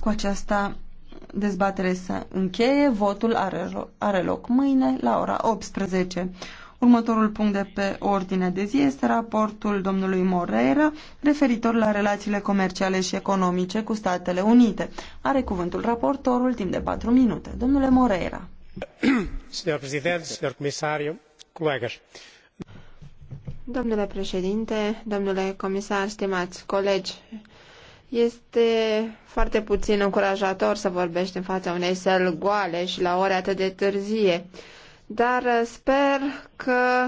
Cu aceasta dezbatere se încheie, votul are, are loc mâine la ora 18. Următorul punct de pe ordine de zi este raportul domnului Moreira referitor la relațiile comerciale și economice cu Statele Unite. Are cuvântul raportorul timp de 4 minute. Domnule Moreira. Domnule președinte, domnule comisar, colegi. Domnule președinte, domnule comisar, stimați colegi, este foarte puțin încurajator să vorbești în fața unei săli goale și la ore atât de târzie, dar uh, sper că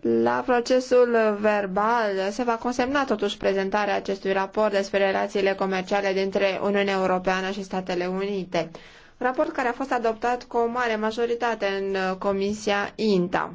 la procesul verbal se va consemna totuși prezentarea acestui raport despre relațiile comerciale dintre Uniunea Europeană și Statele Unite, raport care a fost adoptat cu o mare majoritate în uh, Comisia INTA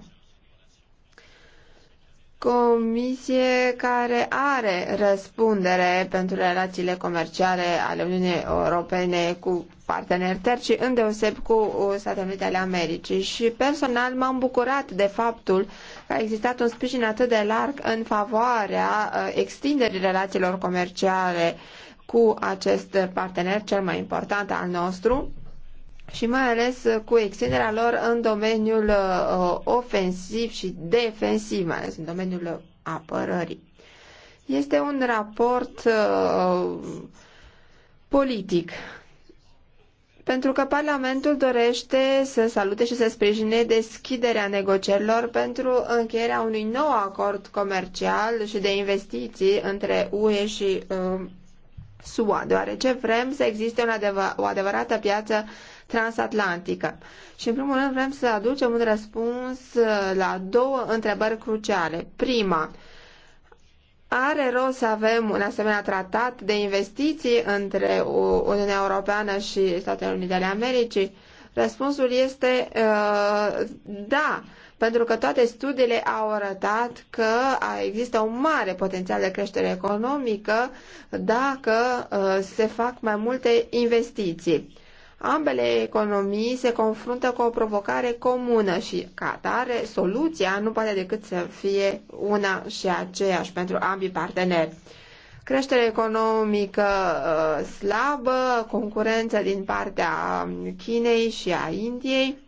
comisie care are răspundere pentru relațiile comerciale ale Uniunii Europene cu parteneri terci, îndeoseb cu Statele Unite ale Americii. Și personal m-am bucurat de faptul că a existat un sprijin atât de larg în favoarea uh, extinderii relațiilor comerciale cu acest partener cel mai important al nostru și mai ales uh, cu extinderea lor în domeniul uh, ofensiv și defensiv, mai ales în domeniul apărării. Este un raport uh, politic pentru că Parlamentul dorește să salute și să sprijine deschiderea negocierilor pentru încheierea unui nou acord comercial și de investiții între UE și uh, SUA, deoarece vrem să existe un adevă- o adevărată piață transatlantică. Și în primul rând vrem să aducem un răspuns uh, la două întrebări cruciale. Prima, are rost să avem un asemenea tratat de investiții între Uniunea Europeană și Statele Unite ale Americii? Răspunsul este uh, da, pentru că toate studiile au arătat că există un mare potențial de creștere economică dacă uh, se fac mai multe investiții. Ambele economii se confruntă cu o provocare comună și, ca atare, soluția nu poate decât să fie una și aceeași pentru ambii parteneri creștere economică uh, slabă, concurență din partea Chinei și a Indiei.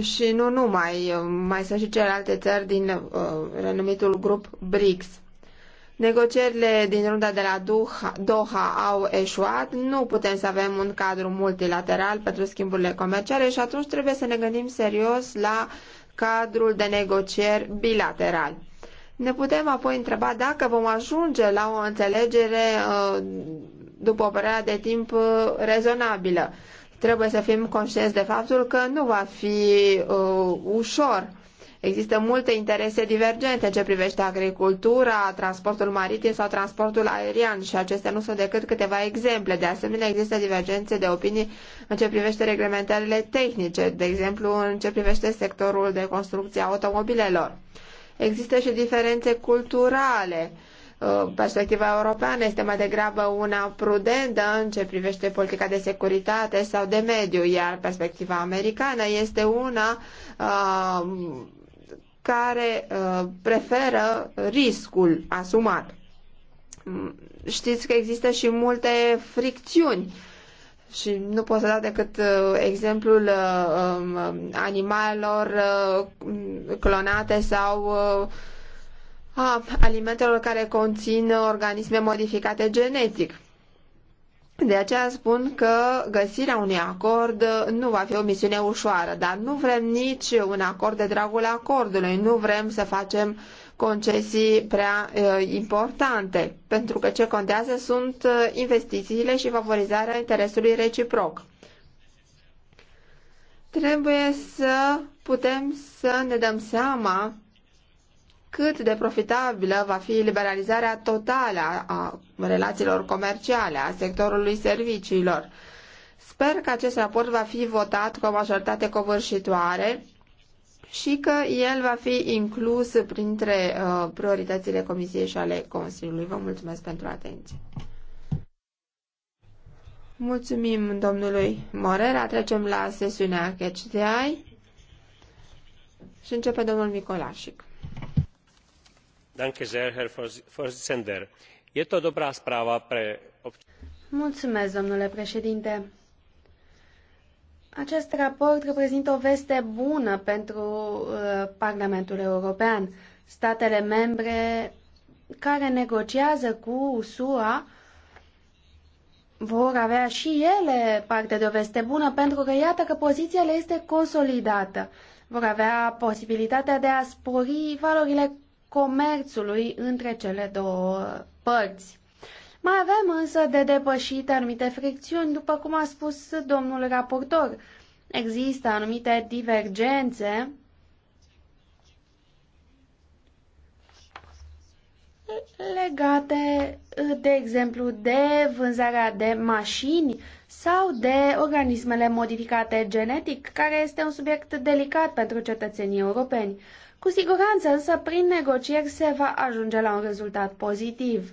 Și nu numai, mai sunt și celelalte țări din uh, renumitul grup BRICS. Negocierile din runda de la Doha, Doha au eșuat, nu putem să avem un cadru multilateral pentru schimburile comerciale și atunci trebuie să ne gândim serios la cadrul de negocieri bilateral. Ne putem apoi întreba dacă vom ajunge la o înțelegere uh, după o perioadă de timp uh, rezonabilă. Trebuie să fim conștienți de faptul că nu va fi uh, ușor. Există multe interese divergente ce privește agricultura, transportul maritim sau transportul aerian și acestea nu sunt decât câteva exemple. De asemenea, există divergențe de opinii în ce privește reglementările tehnice, de exemplu în ce privește sectorul de construcție a automobilelor. Există și diferențe culturale. Uh, perspectiva europeană este mai degrabă una prudentă în ce privește politica de securitate sau de mediu, iar perspectiva americană este una uh, care uh, preferă riscul asumat. Mm, știți că există și multe fricțiuni și nu pot să dau decât uh, exemplul uh, um, animalelor uh, clonate sau a alimentelor care conțin organisme modificate genetic. De aceea spun că găsirea unui acord nu va fi o misiune ușoară, dar nu vrem nici un acord de dragul acordului, nu vrem să facem uh, concesii prea uh, importante, pentru că ce contează sunt uh, investițiile și favorizarea interesului reciproc. Trebuie să putem să ne dăm seama cât de profitabilă va fi liberalizarea totală a relațiilor comerciale, a sectorului serviciilor. Sper că acest raport va fi votat cu o majoritate covârșitoare și că el va fi inclus printre uh, prioritățile Comisiei și ale Consiliului. Vă mulțumesc pentru atenție. Mulțumim domnului Morera. Trecem la sesiunea Catch the Eye. Și începe domnul Nicolașic. Danke sehr, Herr Vorsitzender. E to dobra sprawa pre... Mulțumesc, domnule președinte. Acest raport reprezintă o veste bună pentru uh, Parlamentul European. Statele membre care negociază cu SUA vor avea și ele parte de o veste bună, pentru că iată că poziția le este consolidată. Vor avea posibilitatea de a spori valorile comerțului între cele două părți. Mai avem însă de depășit anumite fricțiuni, după cum a spus domnul raportor. Există anumite divergențe legate, de exemplu, de vânzarea de mașini sau de organismele modificate genetic, care este un subiect delicat pentru cetățenii europeni. Cu siguranță, însă, prin negocieri se va ajunge la un rezultat pozitiv.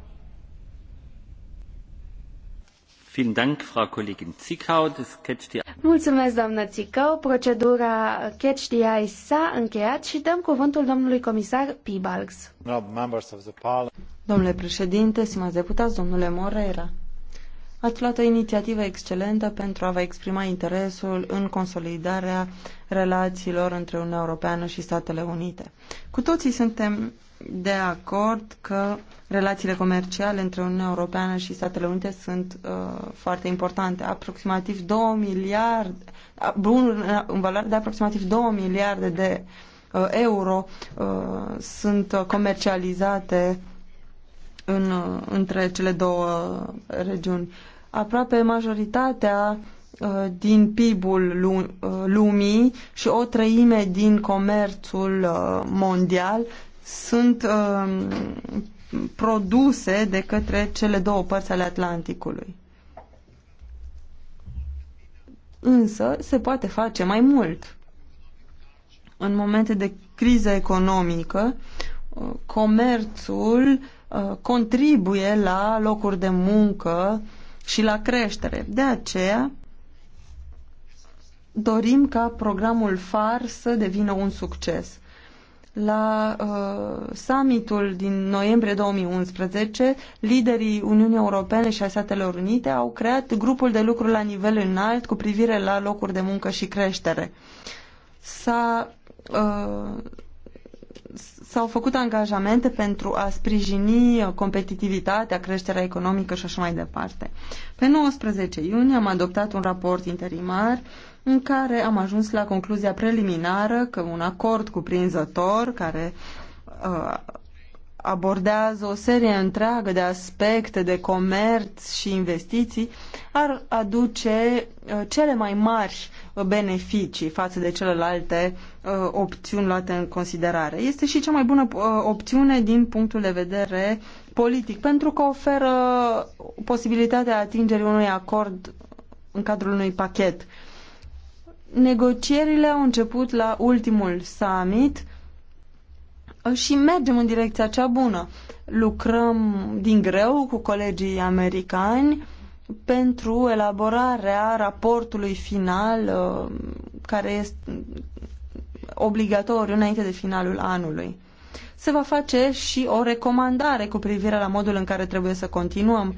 Mulțumesc, doamnă Țicău. Procedura Catch the Eye s-a încheiat și dăm cuvântul domnului comisar Pibalgs. Domnule președinte, stimați deputați, domnule Moreira, ați luat o inițiativă excelentă pentru a vă exprima interesul în consolidarea relațiilor între Uniunea Europeană și Statele Unite. Cu toții suntem de acord că relațiile comerciale între Uniunea Europeană și Statele Unite sunt uh, foarte importante. Aproximativ 2 miliarde, bun, uh, în valoare de aproximativ 2 miliarde de uh, euro uh, sunt uh, comercializate în, uh, între cele două uh, regiuni. Aproape majoritatea din PIB-ul lumii și o treime din comerțul mondial sunt uh, produse de către cele două părți ale Atlanticului. Însă se poate face mai mult. În momente de criză economică, uh, comerțul uh, contribuie la locuri de muncă și la creștere. De aceea, dorim ca programul FAR să devină un succes la uh, summitul din noiembrie 2011, liderii Uniunii Europene și a Statelor Unite au creat grupul de lucru la nivel înalt cu privire la locuri de muncă și creștere. S-a, uh, s-au făcut angajamente pentru a sprijini competitivitatea, creșterea economică și așa mai departe. Pe 19 iunie am adoptat un raport interimar uh, în care am ajuns la concluzia preliminară că un acord cuprinzător care uh, abordează o serie întreagă de aspecte de comerț și investiții ar aduce uh, cele mai mari beneficii față de celelalte uh, opțiuni luate în considerare. Este și cea mai bună uh, opțiune din punctul de vedere politic, pentru că oferă posibilitatea atingerii unui acord în cadrul unui pachet. Uh, Negocierile au început la ultimul summit și mergem în direcția cea bună. Lucrăm din greu cu colegii americani pentru elaborarea raportului final uh, care este obligatoriu înainte de finalul anului. Se va face și o recomandare cu privire la modul în care trebuie să continuăm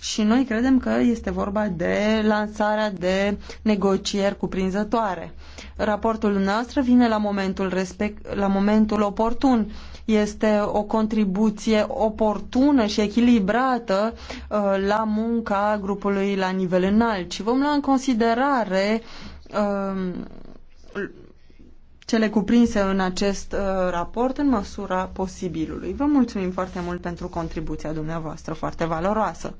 și noi credem că este vorba de lansarea de negocieri cuprinzătoare. Raportul nostru vine la momentul, respect, la momentul oportun. Este o contribuție oportună și echilibrată uh, la munca grupului la nivel înalt și vom lua în considerare uh, cele cuprinse în acest uh, raport în măsura posibilului. Vă mulțumim foarte mult pentru contribuția dumneavoastră foarte valoroasă.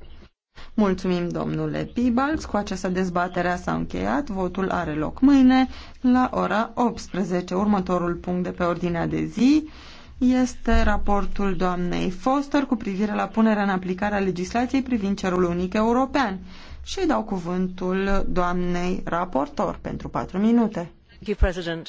Mulțumim, domnule Pibals Cu această dezbatere s-a încheiat. Votul are loc mâine la ora 18. Următorul punct de pe ordinea de zi este raportul doamnei Foster cu privire la punerea în aplicare a legislației privind cerul unic european. Și dau cuvântul doamnei raportor pentru 4 minute. Thank you, President.